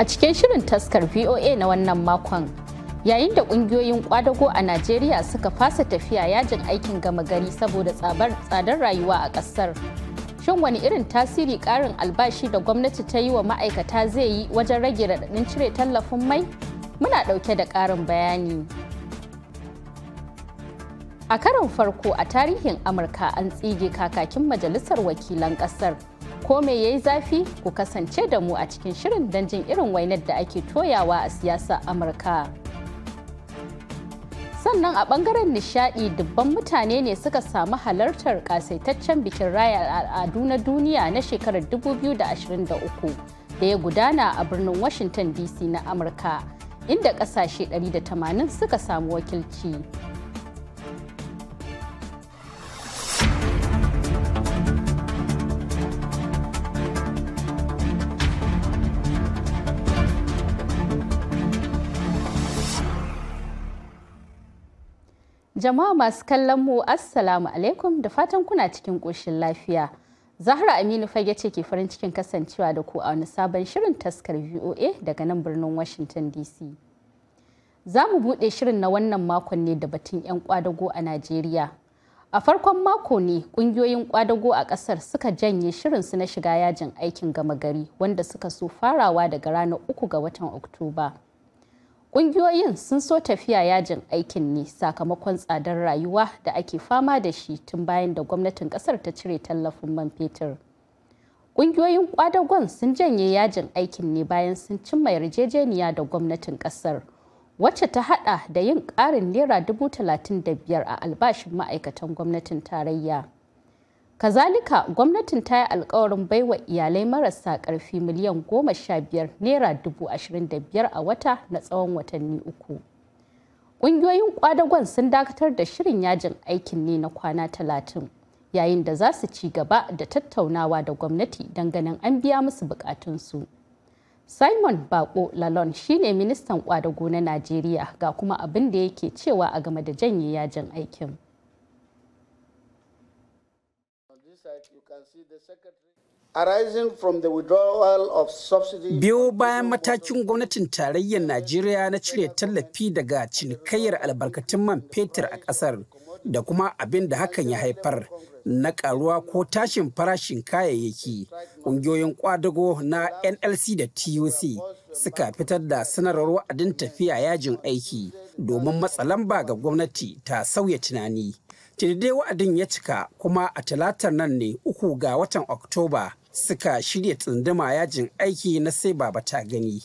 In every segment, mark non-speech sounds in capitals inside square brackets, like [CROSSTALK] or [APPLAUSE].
a cikin shirin taskar VOA na wannan makon. Yayin da kungiyoyin kwadago a Najeriya suka fasa tafiya yajin aikin gama gari saboda tsadar rayuwa a ƙasar. Shin wani irin tasiri ƙarin albashi da gwamnati ta yi wa ma'aikata zai yi wajen rage raɗaɗin cire tallafin mai? Muna ɗauke da ƙarin bayani. A karin farko a tarihin Amurka an tsige kakakin majalisar wakilan ƙasar. ko me yayi zafi ku kasance da mu a cikin shirin don jin irin wainar da ake toyawa a siyasar amurka sannan a bangaren nishadi dubban mutane ne suka samu halartar kasaitaccen bikin raya al'adu na duniya na shekarar 2023 da ya gudana a birnin washington dc na amurka inda kasashe 180 suka samu wakilci. Jama'a masu kallon mu Assalamu alaikum da fatan kuna cikin ƙoshin lafiya. Zahra Aminu fage ce ke farin cikin kasancewa da ku a wani sabon shirin taskar VOA daga nan birnin Washington DC. Za mu buɗe shirin na wannan makon ne da batun 'yan kwadago a Najeriya. A farkon mako ne ƙungiyoyin kwadago a ƙasar suka janye shirinsu na shiga yajin aikin gama gari wanda suka so farawa daga ranar uku ga watan Oktoba. Ƙungiyoyin sun so tafiya yajin aikin ne sakamakon tsadar rayuwa da ake fama da shi tun bayan da gwamnatin ƙasar ta cire tallafin man fetur. Ƙungiyoyin ƙwadagon sun janye yajin aikin ne bayan sun cimma yarjejeniya da gwamnatin ƙasar, wacce ta haɗa da yin ƙarin naira dubu talatin da biyar a albashin ma'aikatan gwamnatin tarayya. kazalika gwamnatin ta yi alkawarin baiwa iyalai marasa karfi miliyan goma sha biyar naira dubu ashirin da biyar a wata na tsawon watanni uku ƙungiyoyin kwadagon sun dakatar da shirin yajin aikin ne na kwana talatin yayin da za su ci gaba da tattaunawa da gwamnati don ganin an biya musu bukatunsu simon bako lalon shine ministan kwadago na najeriya ga kuma abin da yake cewa a game da janye yajin aikin Biyo bayan matakin gwamnatin tarayyar Najeriya na cire tallafi daga cinikayyar albarkatun man fetur a ƙasar da kuma abin da hakan ya haifar na ƙaruwa ko tashin farashin kayayyaki. Ƙungiyoyin ƙwadago na NLC da TUC suka fitar da sanarwar wa'adin tafiya yajin aiki domin matsa lamba ga gwamnati ta sauya tunani. Tididai wa'adin ya cika kuma a talatar nan ne uku ga watan Oktoba suka shirya tsunduma yajin aiki na sai baba ta gani.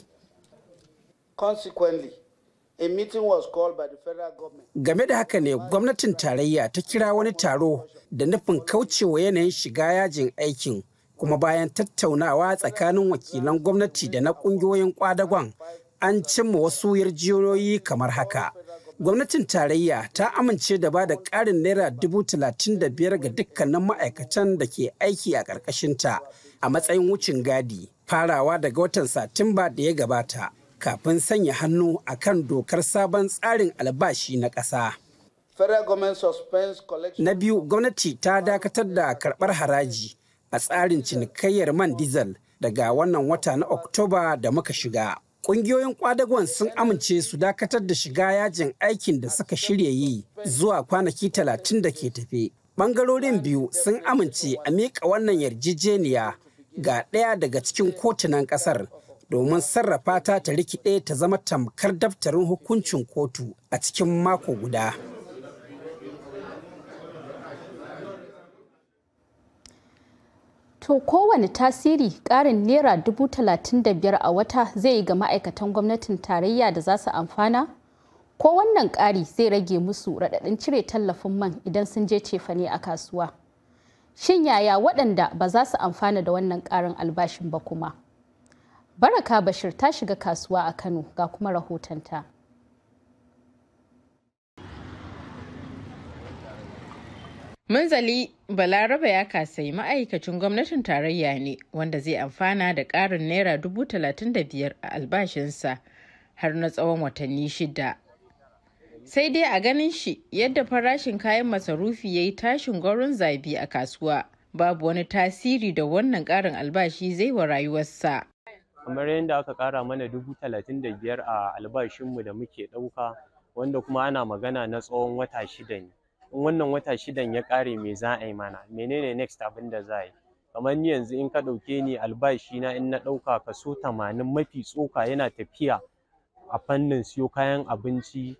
Game da haka ne gwamnatin tarayya ta kira wani taro da nufin kaucewa yanayin shiga yajin aikin kuma bayan tattaunawa tsakanin wakilan gwamnati da na kungiyoyin kwadagon an cimma wasu yarjiyoyi kamar haka. gwamnatin tarayya ta amince da ba da ƙarin naira dubu talatin da biyar ga dukkanin ma'aikatan da ke aiki a ƙarƙashinta a matsayin wucin gadi farawa daga watan satimba da ya gabata kafin sanya hannu a kan dokar sabon tsarin albashi na ƙasa. Na biyu gwamnati ta dakatar da karɓar haraji a tsarin cinikayyar man dizal daga wannan wata na Oktoba da muka shiga. Ƙungiyoyin kwadagon sun amince su dakatar da shiga yajin aikin da suka shirya yi zuwa kwanaki talatin da ke tafe. Bangarorin biyu sun amince a miƙa wannan yarjejeniya ga ɗaya daga cikin kotunan ƙasar domin sarrafa ta ta rikide ta zama tamkar daftarin hukuncin kotu a cikin mako guda. To kowane tasiri ƙarin Naira dubu talatin da biyar a wata zai yi ga ma'aikatan gwamnatin tarayya da za su amfana? Ko wannan ƙari zai rage musu raɗaɗin cire tallafin man idan sun je cefane a kasuwa? Shin yaya waɗanda ba za su amfana da wannan ƙarin albashin ba kuma? Baraka Bashir ta shiga kasuwa a Kano ga kuma rahotonta. Munzali Balaraba ya kasai ma'aikacin gwamnatin tarayya ne wanda zai amfana da ƙarin naira dubu talatin da biyar a albashinsa har na tsawon watanni shida. Sai dai a ganin shi yadda farashin kayan masarufi ya yi tashin gwarin zabi a kasuwa babu wani tasiri da wannan ƙarin albashi zai wa rayuwarsa. Kamar yadda aka ƙara mana dubu talatin da biyar a albashinmu da muke ɗauka wanda kuma ana magana na tsawon wata shida ne. in wannan wata shidan ya ƙare me za a yi mana menene next abin da za a yi kamar ni yanzu in ka ɗauke ni albashi na in na ɗauka kaso tamanin mafi tsoka yana tafiya a fannin siyo kayan abinci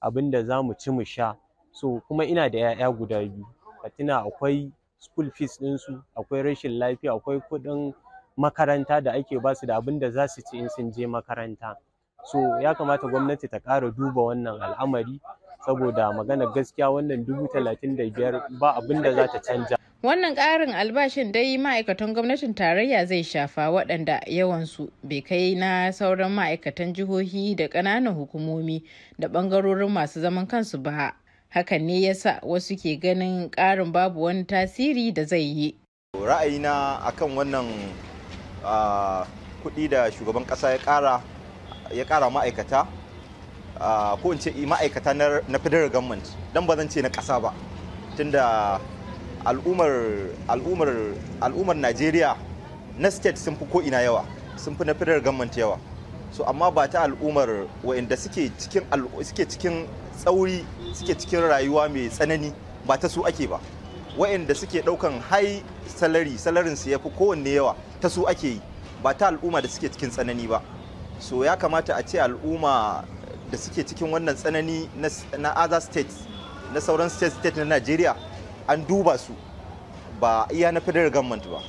abin da za mu ci mu sha so kuma ina da 'ya'ya guda biyu ka tuna akwai school fees ɗinsu akwai rashin lafiya akwai kuɗin makaranta da ake su da abin da za su ci in sun je makaranta so ya kamata gwamnati ta ƙara duba wannan al'amari saboda magana gaskiya wannan dubu talatin da biyar ba abin da za ta canja wannan ƙarin albashin dai ma'aikatan gwamnatin tarayya zai shafa waɗanda yawansu bai kai na sauran ma'aikatan jihohi da ƙananan hukumomi da ɓangarorin masu zaman kansu ba hakan ne yasa wasu ke ganin ƙarin babu wani tasiri da zai yi ra'ayina akan wannan ah, kuɗi da shugaban ƙasa ya ƙara ma'aikata ko in ce ma'aikata na federal government don ba zan ce na ƙasa ba tunda al'ummar Najeriya na state sun fi ko'ina yawa sun fi na federal government yawa so amma ba ta al'umar wa'inda suke cikin suke cikin tsauri suke cikin rayuwa mai tsanani ba ta su ake ba wa'inda suke daukan high salary salarin su yafi kowanne yawa ta su ake yi ba ta al'umma da suke cikin tsanani ba so ya kamata a ce al'umma da suke cikin wannan tsanani na other states na sauran state state na Najeriya an duba su ba iya na federal government ba.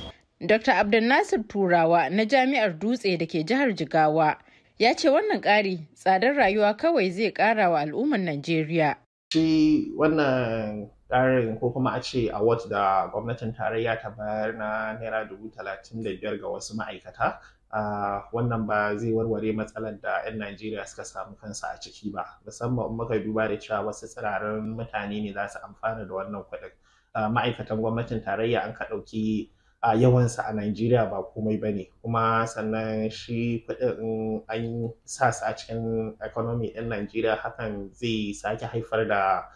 Dr. Abdulnasir Turawa na Jami'ar Dutse da ke jihar Jigawa ya ce wannan ƙari tsadar rayuwa kawai zai ƙara wa al'ummar Najeriya. Shi wannan ƙarin ko kuma a ce award da gwamnatin tarayya ta bayar na naira dubu talatin da biyar ga wasu ma'aikata wannan ba zai warware matsalar da 'yan Najeriya suka samu kansa a ciki ba musamman in muka duba da cewa wasu tsirarin mutane ne za su amfana da wannan kuɗin ma'aikatan gwamnatin tarayya an ka ɗauki a yawansa a Najeriya ba komai ba ne kuma sannan shi kuɗin an sa su a cikin economy ɗin Najeriya hakan zai sake haifar da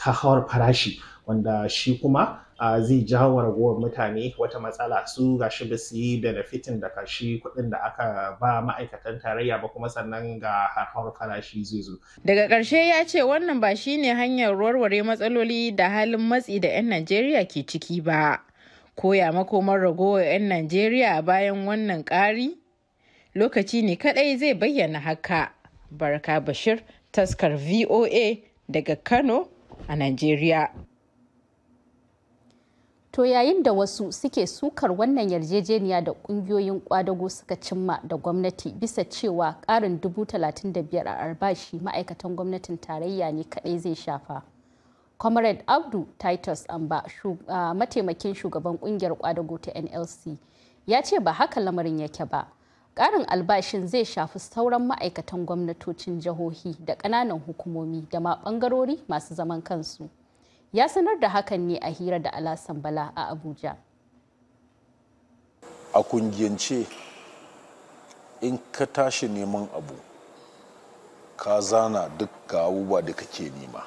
hauhawar farashi wanda shi kuma zai jawo ragowar mutane wata matsala su gashi ba su yi benefitin da kashi kuɗin da aka ba ma'aikatan tarayya ba kuma sannan ga harhar farashi zai zo. Daga ƙarshe ya ce wannan ba shi ne hanyar warware matsaloli da halin matsi da 'yan Najeriya ke ciki ba. Koya makomar ragowar 'yan Najeriya bayan wannan ƙari? Lokaci ne kaɗai zai bayyana haka. Barka Bashir, taskar VOA daga Kano a Najeriya. To yayin da wasu suke sukar wannan yarjejeniya da kungiyoyin kwadago suka cimma da gwamnati bisa cewa karin dubu talatin da biyar a albashi ma'aikatan gwamnatin tarayya ne kadai zai shafa. Comrade Abdu Titus Amba, mataimakin shugaban kungiyar kwadago ta NLC, ya ce ba haka lamarin yake ba. Karin albashin zai shafi sauran ma'aikatan gwamnatocin jihohi da ƙananan hukumomi da ma ɓangarori masu zaman kansu. ya sanar da hakan ne a hira da alasan bala a abuja a kungiyance in ka tashi neman abu ka zana duk ga abubuwa da kake nema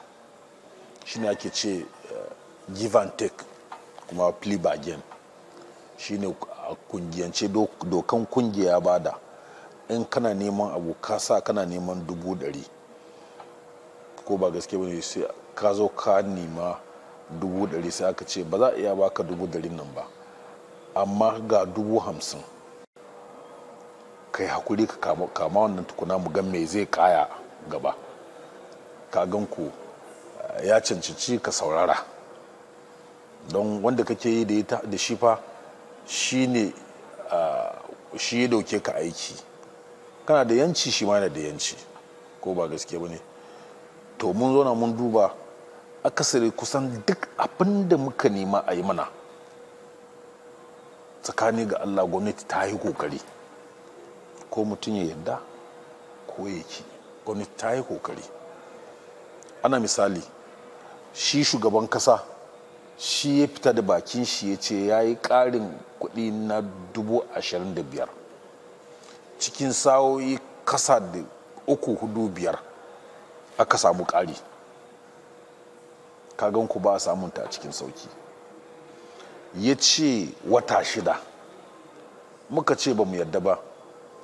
shine ake ce eh, give and take kuma play bargain shine a kungiyance dokan kungiya bada in kana neman abu ka sa kana neman dubu dari ko ba gaske ne sai ka zo ka nima dubu dari sai aka ce ba za a iya baka dubu dari nan ba amma ga dubu hamsin kai hakuri ka kama wannan tukuna mu gan me zai kaya gaba ka gan ku eh, ya cancanci ka saurara don wanda kake yi da shi fa shi ne eh, shi ya dauke ka aiki kana da yanci shi ma da yanci ko ba gaske ba ne to mun zo mun duba akasari kusan duk abin da muka nema a yi mana tsakani ga allah gwamnati ta yi kokari ko mutum ya yadda ko ya ki gwamnati ta yi kokari ana misali shi shugaban kasa shi ya fita da bakin shi ya ce ya yi ƙarin kuɗi na dubu da biyar cikin sa'o'i kasa da uku hudu biyar aka samu ƙari gan ku ba a samunta a cikin sauki ya ce wata shida muka ce ba mu yadda ba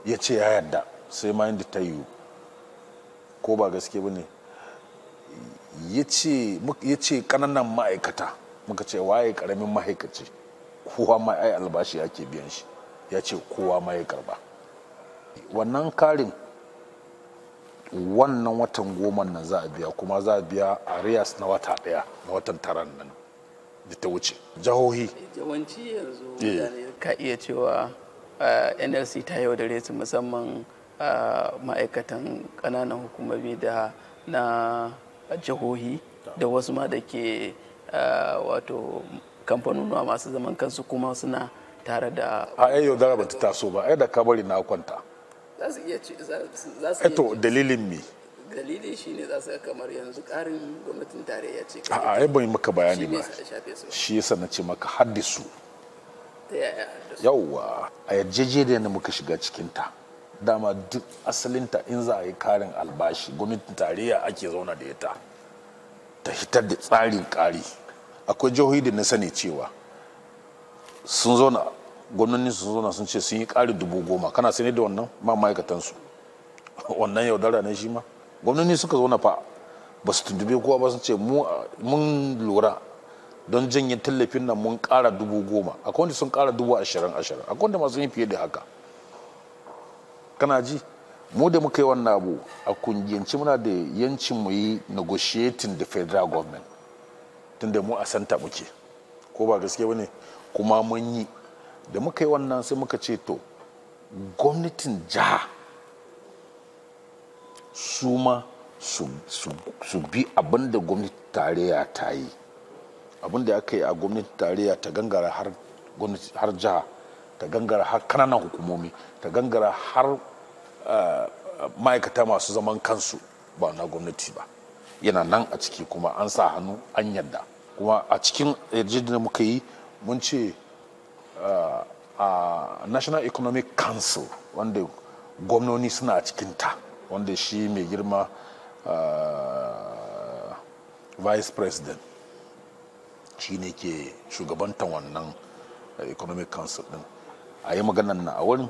ya ce ya yadda sai ma yadda ta yiwu ko ba gaske ba ne ya ce ƙananan ma'aikata muka ce waye ƙaramin ma'aikaci kowa ma albashi albashi ke biyan shi ya ce kowa ma ya karba wannan karin wannan watan goma nan za a biya kuma za a biya a riyas na wata daya na watan taran nan da ta wuce Jahohi. yawanci yanzu eh. ka iya cewa eh, nlc ta yi wadare su musamman eh, ma'aikatan ƙananan hukumomi da na jahohi da wasu ma da ke wato kamfanonuwa masu zaman kansu kuma suna tare da a yau da ta taso ba ai da kabari na kwanta za su iya za su eh to dalilin me dalili shine za su kamar yanzu karin gwamnatin tarayya ce a a ai ban maka bayani ba shi yasa na ce maka haddisu ta yaya yawwa a yarjejeniyar da muka shiga cikin ta dama duk asalinta in za a yi karin albashi gwamnatin tarayya ake zauna da ita ta hitar da tsarin kari akwai jihohi da na sani cewa sun zauna gwamnoni su zo na sun ce sun yi ƙari dubu goma kana ne da wannan ma ma'aikatansu [LAUGHS] wannan yaudara ne shi ma gwamnoni suka zo na fa ba su tuntube kowa ba sun ce mun lura don janye tallafin nan mun ƙara dubu goma A wanda sun ƙara dubu ashirin ashirin a wanda masu yin fiye da haka kana ji mu da muka yi wannan abu a kungiyanci muna da yancin mu yi negotiating da federal government tunda mu a santa muke ko ba gaske ba ne kuma mun yi da muka yi wannan sai muka ce to gwamnatin jiha su ma su bi abin da gwamnatin tarayya ta yi abin da aka a gwamnatin tarayya ta gangara har jiha ta gangara har kananan hukumomi ta gangara har eh, ma'aikata masu zaman kansu ba na gwamnati ba yana nan a ciki kuma an sa hannu an yadda kuma a cikin yarjejeniyar muka yi mun ce a uh, uh, national economic council wanda gwamnoni suna a cikinta wanda shi mai girma uh, vice president shi ne ke shugabantan wannan economic council din a yi maganan na a wurin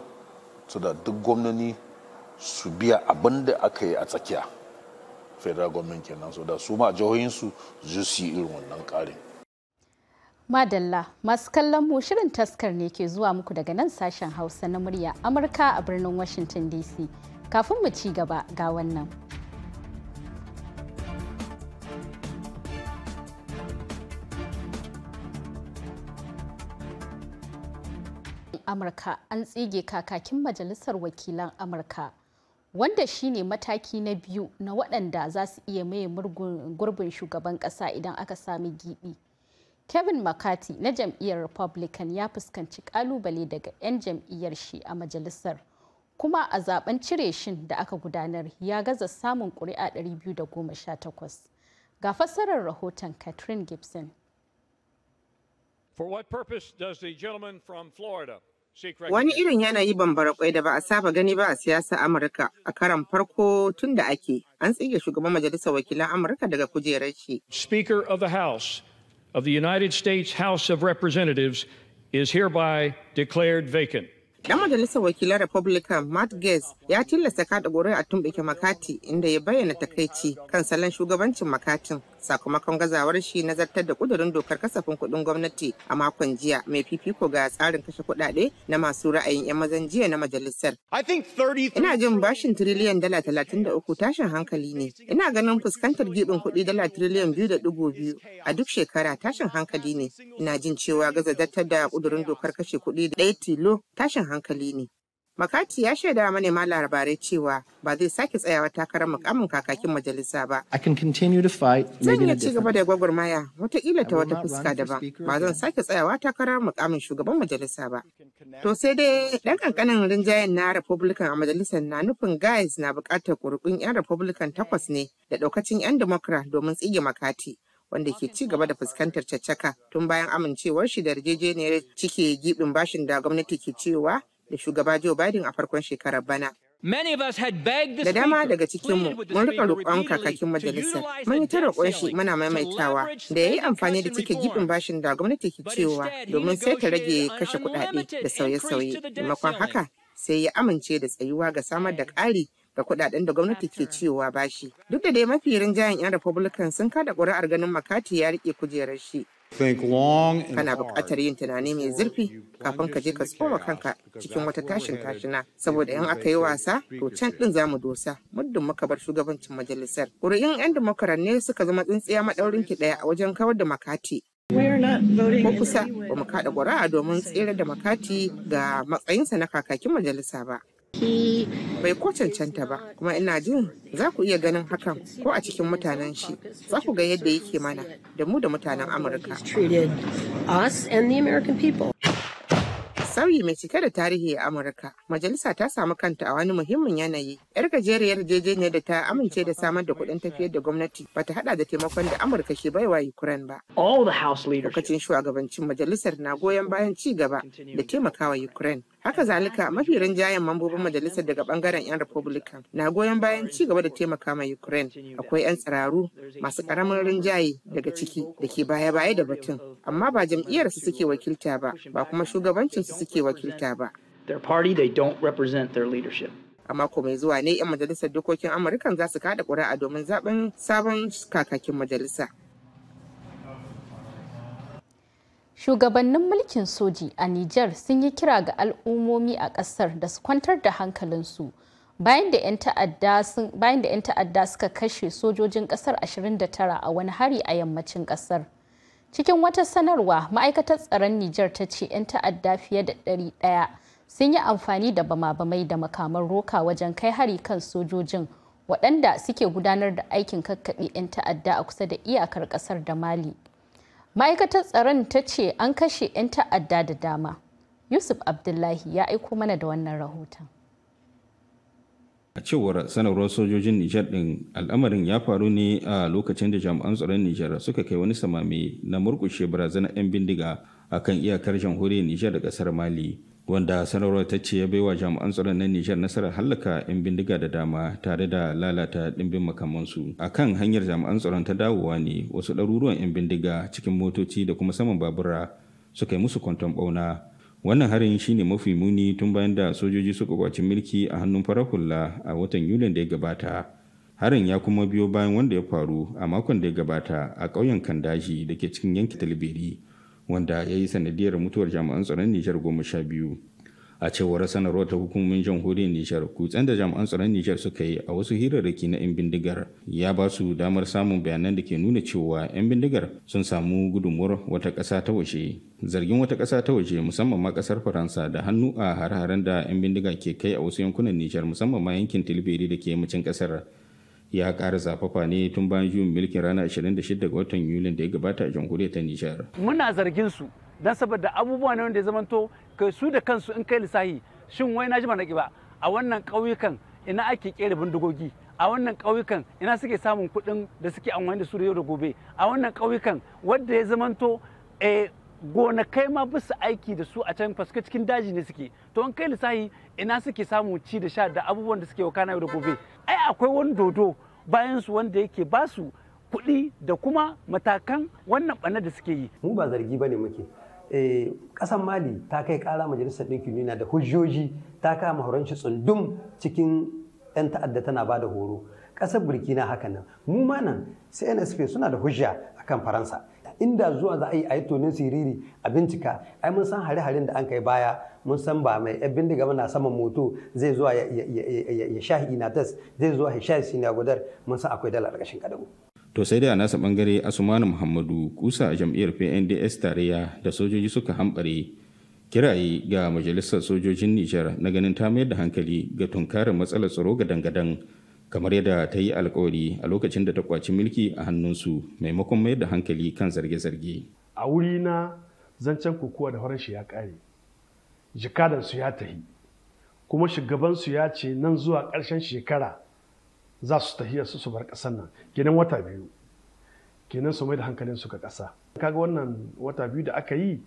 su da duk gwamnoni su biya abin da aka yi a tsakiya federal government kenan so da su ma jihohinsu su yi irin wannan karin Madalla masu kallon mu shirin taskar ne ke zuwa muku daga nan sashen Hausa na murya Amurka a birnin Washington DC. Kafin mu ci gaba ga wannan. Amurka an tsige kakakin Majalisar Wakilan Amurka wanda shine mataki na biyu na waɗanda za su iya maye gurbin shugaban ƙasa idan aka sami giɓi. kevin mccarthy na jam'iyyar republican ya fuskanci kalubale daga 'yan jam'iyyar shi a majalisar kuma a zaben cire shin da aka gudanar ya gaza samun kuri'a 218 ga fassarar rahoton catherine gibson For the Wani irin yanayi kwai da ba a saba gani ba a siyasa Amurka a karan farko tun da ake an tsige shugaban majalisar wakilan Amurka daga kujerar shi. Speaker the House of the United States House of Representatives is hereby declared vacant. majalisar wakilan Republican Matt ya tilasta kada Makati inda ya bayyana takaici kan salon shugabancin Makatin sakamakon gazawar shi na zartar da kudurin dokar kasafin kuɗin gwamnati a makon jiya mai fifiko ga tsarin kashe kudade na masu ra'ayin 'yan mazan jiya na majalisar. Ina jin bashin tiriliyan dala talatin da uku tashin hankali ne. Ina ganin fuskantar gibin kuɗi dala tiriliyan biyu da ɗigo biyu a duk shekara tashin hankali ne. Ina jin cewa gaza zartar da kudurin dokar kashe kuɗi ɗaya tilo tashin hankali ne. Makati ya shaida wa manema labarai cewa ba zai sake tsayawa takarar mukamin kakakin majalisa ba. Zan iya ci gaba da gwagwarmaya wataƙila ta wata fuska daban ba zan sake tsayawa takarar mukamin shugaban majalisa ba. To sai dai ɗan ƙanƙanin rinjayen na Republican a majalisar na nufin guys na buƙatar ƙuri'un 'yan Republican takwas ne da ɗaukacin 'yan Democrat domin tsige Makati. wanda ke ci gaba da fuskantar caccaka tun bayan amincewar shi da yarjejeniyar cike gibin bashin da gwamnati ke cewa da shugaba Joe Biden a farkon shekarar bana. Da dama daga cikinmu mun rika roƙon kakakin majalisar mun yi ta roƙon shi muna maimaitawa da ya yi amfani da cike gibin bashin da gwamnati ke cewa domin sai ta rage kashe kuɗaɗe da sauye-sauye. Maimakon haka sai ya amince da tsayuwa ga samar da ƙari ga kuɗaɗen da gwamnati ke cewa bashi. Duk da dai mafi rinjayen 'yan Republican sun kada ƙuri'ar ganin Makati ya rike kujerar shi. kana buƙatar yin tunani mai zurfi kafin ka je ka tsoma kanka cikin wata tashin tashina saboda in aka yi wasa to can din mu dosa muddin muka bar shugabancin majalisar ƙuri'in 'yan demokarat ne suka zama tsintsiya maɗaurin ki ɗaya a wajen kawar da makati Ko kusa ba mu kaɗa ƙuri'a domin tsere da makati ga matsayinsa na kakakin majalisa ba. bai ko cancanta ba kuma ina jin za ku iya ganin hakan ko a cikin mutanen shi za ku ga yadda yake mana da mu da mutanen amurka sauyi mai cike da tarihi a amurka majalisa ta samu kanta a wani muhimmin yanayi yar gajeriyar ne da ta amince da samar da kuɗin tafiyar da gwamnati ba ta hada da taimakon da amurka ke baiwa ukraine ba lokacin shugabancin majalisar na goyon bayan ci gaba da taimakawa ukraine Haka zalika mafi rinjayen mambobin majalisar daga bangaren 'yan Republican na goyon bayan ci gaba da taimaka ma Ukraine. Akwai 'yan tsiraru masu karamin rinjaye daga ciki da ke baya-baya da batun, amma ba jam'iyyar su suke wakilta ba, ba kuma shugabancin su suke wakilta ba. Their party, they don't represent their leadership. a mako mai zuwa ne 'yan majalisar dokokin amurkan za su kada ƙuri'a domin zaben sabon kakakin majalisa Shugabannin mulkin soji a Nijar sun yi kira ga al'ummomi a ƙasar da su kwantar da hankalinsu bayan da 'yan ta'adda suka kashe sojojin ƙasar 29 a wani hari a yammacin ƙasar. Cikin wata sanarwa, ma'aikatar tsaron Nijar ta ce 'yan ta'adda fiye da 100 sun yi amfani da bama-bamai da makaman roka wajen kai hari kan sojojin waɗanda suke gudanar da aikin kakkaɓe 'yan ta'adda a kusa da iyakar ƙasar da Mali. ma'aikatar tsaron ta ce an kashe 'yan ta'adda da dama yusuf abdullahi ya aiko mana da wannan rahoton a cewar sanarwar sojojin nijar ɗin al'amarin ya faru ne a lokacin da jami'an tsaron nijar suka kai wani samami na murkushe barazanar 'yan bindiga a kan iyakar jamhuriyar nijar da ƙasar mali wanda sanarwar ta ce ya baiwa jami'an tsaron na Nijar nasarar hallaka 'yan bindiga da dama tare da lalata dimbin makamansu. A kan hanyar jami'an tsaron ta dawowa ne wasu ɗaruruwan 'yan bindiga cikin motoci da kuma saman babura suka yi musu kwanton ɓauna. Wannan harin shi ne mafi muni tun bayan da sojoji suka kwaci mulki a hannun farar hula a watan Yulin da ya gabata. Harin ya kuma biyo bayan wanda ya faru a makon da ya gabata a ƙauyen Kandaji da ke cikin yankin Talibiri. wanda ya yi sanadiyar mutuwar jami'an tsaron Nijar goma sha biyu. A cewar sanarwar ta hukumomin jamhuriyar Nijar, kutsen da jami'an tsaron Nijar suka yi a wasu hirarraki na 'yan bindigar ya ba su damar samun bayanan da ke nuna cewa 'yan bindigar sun samu gudunmuwar wata ƙasa ta waje. Zargin wata ƙasa ta waje musamman ma ƙasar Faransa da hannu a har-haren da 'yan bindiga ke kai a wasu yankunan Nijar musamman ma yankin Tilbiri da ke yammacin ƙasar. ya ƙara zafafa ne tun bayan juyin mulkin ranar 26 ga watan yulin da ya gabata a jamhuriyar ta nijar muna zargin su don saboda abubuwa ne wanda ya zamanto kai su da kansu in kai lissahi shin wai na ji na ba a wannan ƙauyukan ina ake kera bindigogi a wannan ƙauyukan ina suke samun kuɗin da suke amfani da su da yau da gobe a wannan ƙauyukan wadda ya zamanto eh, kai ma bisa aiki da su a can faska cikin daji ne suke to in kai lissahi ina suke samu ci da sha da abubuwan da suke wakana yau da gobe ai akwai wani dodo bayan su wanda yake ba su kuɗi da kuma matakan wannan bana da suke yi mu ba zargi bane muke eh, ƙasar mali ta kai ƙara majalisar ɗinkin duniya da hujjoji ta kama shi tsundum cikin 'yan ta'adda tana ba da horo ƙasar burkina haka nan mu ma nan cnsp suna da hujja akan faransa inda zuwa za a yi ayi tonin siriri a bincika ai mun san hare-haren da an kai baya mun san ba mai yan bindiga na saman moto zai zuwa ya shahi tas zai zuwa ya shahi gudar mun san akwai dala ƙarƙashin kadabu. to sai dai a nasa bangare asumani muhammadu kusa a jam'iyyar pnds tarayya da sojoji suka hamɓare kiraye ga majalisar sojojin nijar na ganin ta mayar da hankali ga tunkarar matsalar tsaro ga dangadan kamar yadda ta yi alkawari a lokacin da ta kwaci mulki a hannunsu maimakon mayar da hankali kan zarge-zarge. A wuri na zancen kokowa da farashi ya ƙare, jikadansu ya tahi, kuma shugabansu ya ce nan zuwa ƙarshen shekara za su tahiya su su bar ƙasar nan, kenan wata biyu, kenan su mai da hankalin su ga ƙasa. Kaga wannan wata biyu da aka yi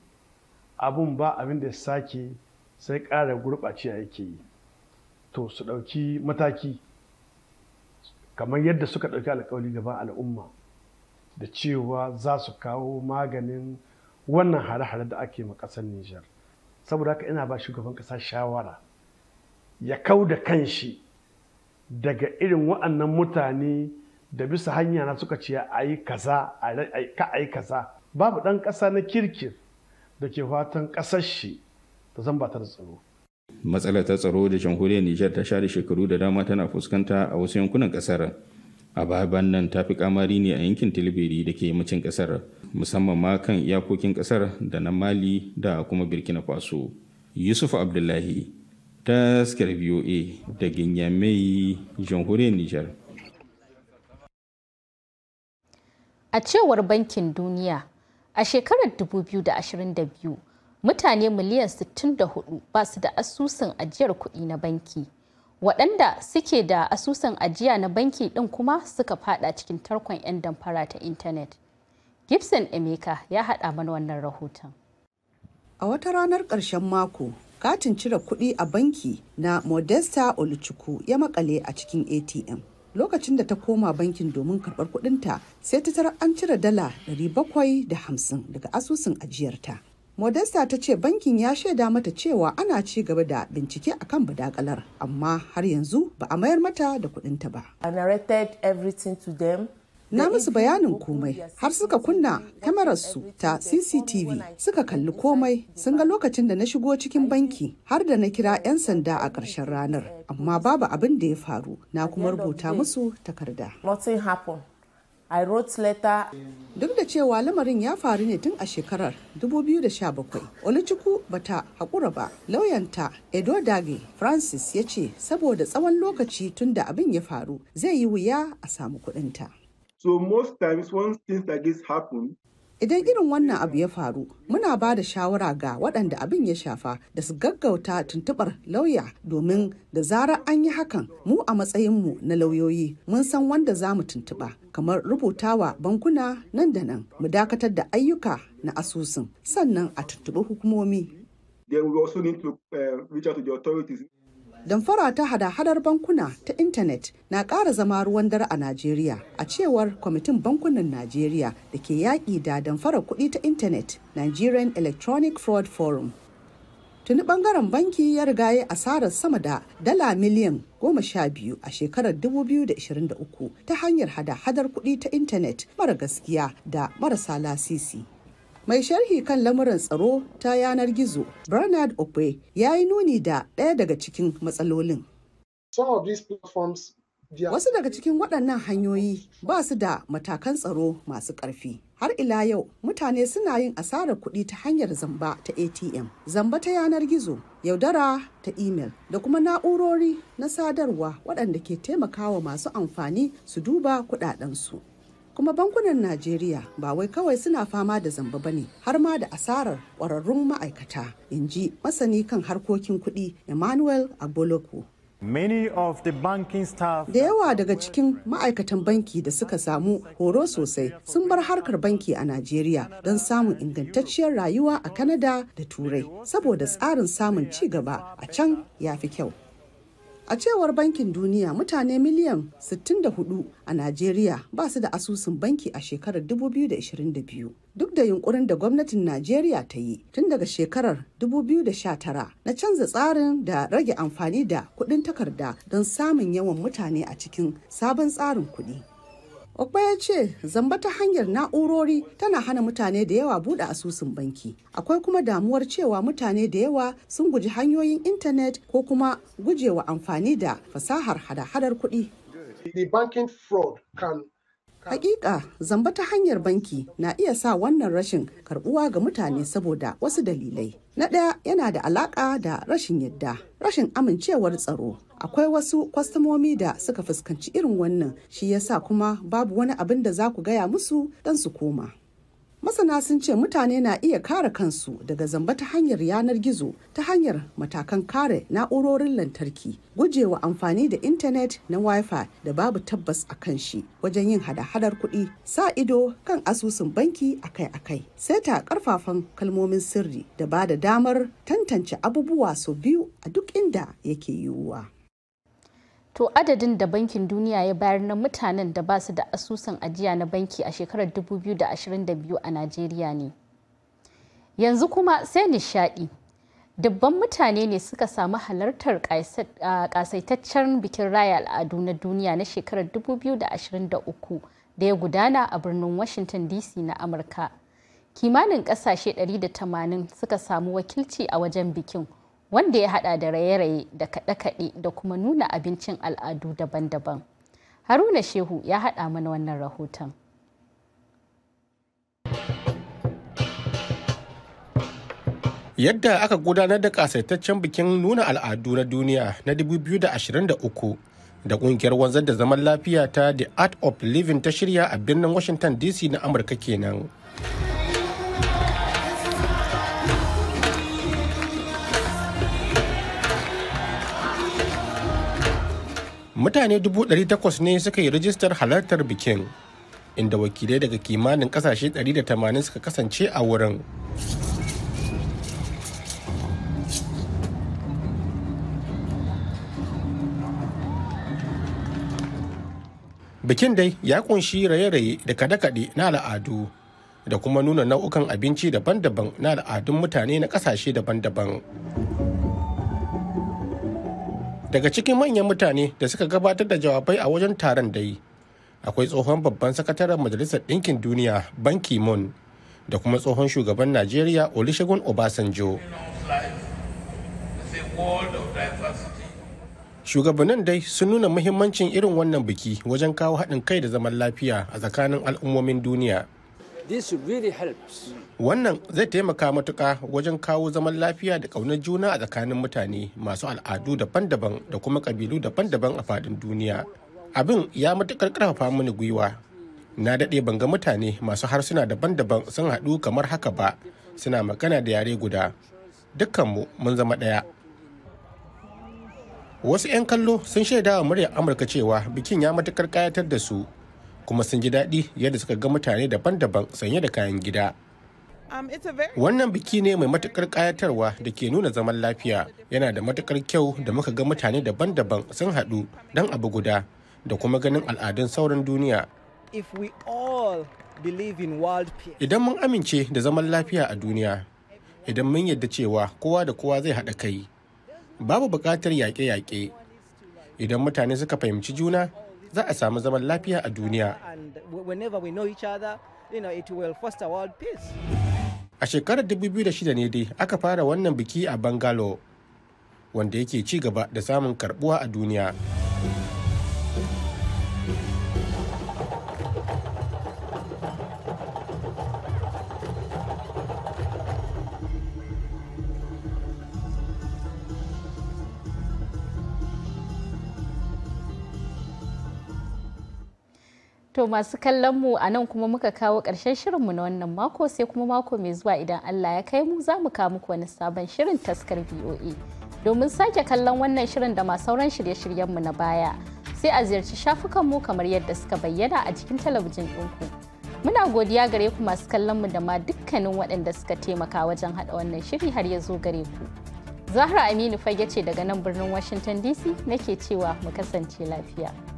abun ba abin da ya sake sai ƙara gurɓaciya yake yi. To su ɗauki mataki. kamar yadda suka ɗauki alkawari gaban al'umma da cewa za su kawo maganin wannan hare-hare da ake ma ƙasar Nijar. Saboda haka ina ba shugaban ƙasa shawara ya kau da kanshi daga irin waɗannan mutane da bisa hanya na suka ce a yi kaza ka a yi kaza babu ɗan ƙasa na kirkir da ke fatan ƙasar shi ta zan ba ta da tsaro. matsalar ta tsaro da jamhuriyar nijar ta share shekaru da dama tana fuskanta a wasu yankunan kasar a baban nan ta fi kamari ne a yankin tilbiri da ke yammacin kasar musamman ma kan iyakokin kasar da na mali da kuma burkina faso yusuf abdullahi ta voa da ginyamai jamhuriyar nijar a cewar bankin duniya a shekarar 2022 mutane miliyan 64 ba su da asusun ajiyar kuɗi na banki waɗanda suke da asusun ajiya na banki ɗin kuma suka fada cikin tarkon 'yan damfara ta intanet gibson emeka ya haɗa mana wannan rahoton a wata ranar ƙarshen mako katin cire kuɗi a banki na modesta oluchuku ya makale a cikin atm lokacin da ta koma bankin domin karɓar kuɗinta sai ta tarar an cire dala 750 daga asusun ajiyarta modesta ta ce bankin ya shaida mata cewa ana ci gaba da bincike a kan badakalar amma har yanzu ba a mayar mata da kudinta ba na musu bayanin komai har suka kunna kamararsu ta cctv suka kalli komai sun ga lokacin da na shigo cikin banki har da na kira 'yan sanda a ƙarshen ranar amma babu abin da ya faru na kuma rubuta musu takarda I wrote letter. Duk da cewa lamarin ya faru ne tun a shekarar 2017, ba bata haƙura ba. Lauyanta Edo Dage Francis ya ce saboda tsawon lokaci tun da abin ya faru zai yi wuya a samu kuɗinta. So most times once things like this happen, Idan irin wannan abu ya faru, muna ba da shawara ga waɗanda abin ya shafa da su gaggauta tuntuɓar lauya domin da zarar an yi hakan mu a matsayinmu na lauyoyi mun san wanda za mu tuntuɓa kamar rubutawa bankuna nan da nan mu dakatar da ayyuka na asusun sannan a tuntuɓi hukumomi. damfara ta hada-hadar bankuna ta intanet na ƙara zama ruwan dare a najeriya a cewar kwamitin bankunan najeriya da ke yaƙi da damfara kuɗi ta intanet nigerian electronic fraud forum tuni bangaren banki ya riga ya asarar sama da dala miliyan goma sha biyu a shekarar 2023 ta hanyar hada-hadar kuɗi ta intanet mara gaskiya da marasa lasisi mai sharhi kan lamuran tsaro ta yanar gizo bernard okwe ya yi nuni da ɗaya daga cikin matsalolin wasu daga cikin waɗannan hanyoyi ba su da matakan tsaro masu ƙarfi har ila yau mutane suna yin asarar kuɗi ta hanyar zamba ta atm zamba ta yanar gizo yaudara ta imel da kuma na'urori na sadarwa waɗanda ke taimakawa masu amfani su duba kuɗaɗensu kuma bankunan najeriya ba wai kawai suna fama da zamba ba ne har ma da asarar ƙwararrun ma'aikata in ji masani kan harkokin kuɗi emmanuel aboloko Da yawa daga cikin ma'aikatan banki da suka samu horo sosai sun bar harkar banki a Najeriya don samun ingantacciyar rayuwa a Kanada da Turai saboda tsarin samun ci gaba a can ya fi kyau. A cewar Bankin Duniya mutane miliyan 64 a Najeriya ba su da asusun banki a shekarar 2022. Duk da yunkurin da gwamnatin Najeriya ta yi tun daga shekarar 2019 na canza tsarin da rage amfani da kuɗin takarda don samun yawan mutane a cikin sabon tsarin kuɗi. Okpa ya ce zamba ta hanyar na'urori tana hana mutane da yawa buɗe asusun banki. Akwai kuma damuwar cewa mutane da yawa sun guji hanyoyin intanet ko kuma gujewa amfani da fasahar hada-hadar kuɗi. Haƙiƙa, Hakika zamba ta hanyar banki na iya sa wannan rashin karbuwa ga mutane saboda wasu dalilai. Na ɗaya yana da alaƙa da rashin yadda, rashin amincewar tsaro, akwai wasu kwastomomi da suka fuskanci irin wannan shi yasa kuma babu wani abin da za ku gaya musu don su koma masana sun ce mutane na iya kare kansu daga zamba ta hanyar yanar gizo ta hanyar matakan kare na'urorin lantarki gujewa amfani da intanet na wifi da babu tabbas a kan shi wajen yin hada-hadar kuɗi sa ido kan asusun banki akai-akai sai ta karfafan kalmomin sirri da ba da damar tantance abubuwa su biyu a duk inda yake yiwuwa To adadin da bankin duniya ya bayar na mutanen da ba su da asusun ajiya na banki a shekarar 2022 a Najeriya ne. Yanzu kuma sai nishadi. Dubban mutane ne suka samu halartar kasaitaccen bikin raya al'adu na duniya na shekarar 2023 da ya gudana a birnin Washington DC na Amurka. Kimanin ƙasashe 180 suka samu wakilci a wajen bikin. wanda ya hada da raye-raye da kaɗe-kaɗe da kuma nuna abincin al'adu daban-daban. Haruna Shehu ya haɗa mana wannan rahoton. Yadda aka gudanar da kasaitaccen bikin nuna al'adu na duniya na 2023 da kungiyar wanzar da zaman lafiya ta The Art of Living ta shirya a birnin Washington DC na Amurka kenan. mutane 800 ne suka yi rijistar halartar bikin inda wakilai daga kimanin kasashe 180 suka kasance a wurin bikin dai ya kunshi raye-raye da kade-kade na al'adu da kuma nuna nau'ukan abinci daban-daban na al'adun mutane na kasashe daban-daban daga cikin manyan mutane da suka gabatar da jawabai a wajen taron dai akwai tsohon babban sakataren majalisar ɗinkin duniya ban kimon da kuma tsohon shugaban najeriya olusegun obasanjo shugabannin dai sun nuna muhimmancin irin wannan biki wajen kawo haɗin kai da zaman lafiya a tsakanin al'ummomin duniya wannan zai taimaka matuka wajen kawo zaman lafiya da ƙaunar juna a tsakanin mutane masu al'adu daban-daban da kuma ƙabilu daban-daban a faɗin duniya abin ya matuƙar ƙarfafa mini gwiwa na daɗe ban ga mutane masu harsuna daban-daban sun haɗu kamar haka ba suna magana da yare guda dukkanmu mun zama ɗaya wasu 'yan kallo sun shaida wa muryar amurka cewa bikin ya matuƙar ƙayatar da su kuma sun ji daɗi yadda suka ga mutane daban-daban sanye da kayan gida Um, Wannan biki ne mai matukar kayatarwa da ke nuna zaman lafiya yana da matukar kyau da muka ga mutane daban-daban sun haɗu don abu guda da kuma ganin al'adun sauran duniya. Idan mun amince da zaman lafiya a duniya, idan mun yadda cewa kowa da kowa zai haɗa kai, babu buƙatar yaƙe-yaƙe. Idan mutane suka fahimci juna, za a samu zaman lafiya a duniya. a shekarar 2006 ne dai aka fara wannan biki a bangalore wanda yake ci gaba da samun karbuwa a duniya. To masu kallon mu a nan kuma muka kawo ƙarshen mu na wannan mako sai kuma mako mai zuwa idan Allah ya kai mu za mu kawo muku wani sabon shirin taskar VOA. Domin sake kallon wannan shirin da ma sauran shirye-shiryenmu na baya sai a ziyarci shafukanmu kamar yadda suka bayyana a cikin talabijin ɗinku. Muna godiya gare ku masu kallon mu da ma dukkanin waɗanda suka taimaka wajen haɗa wannan shiri har ya zo gare ku. Zahra Aminu fage ce daga nan birnin Washington DC nake cewa mu kasance lafiya.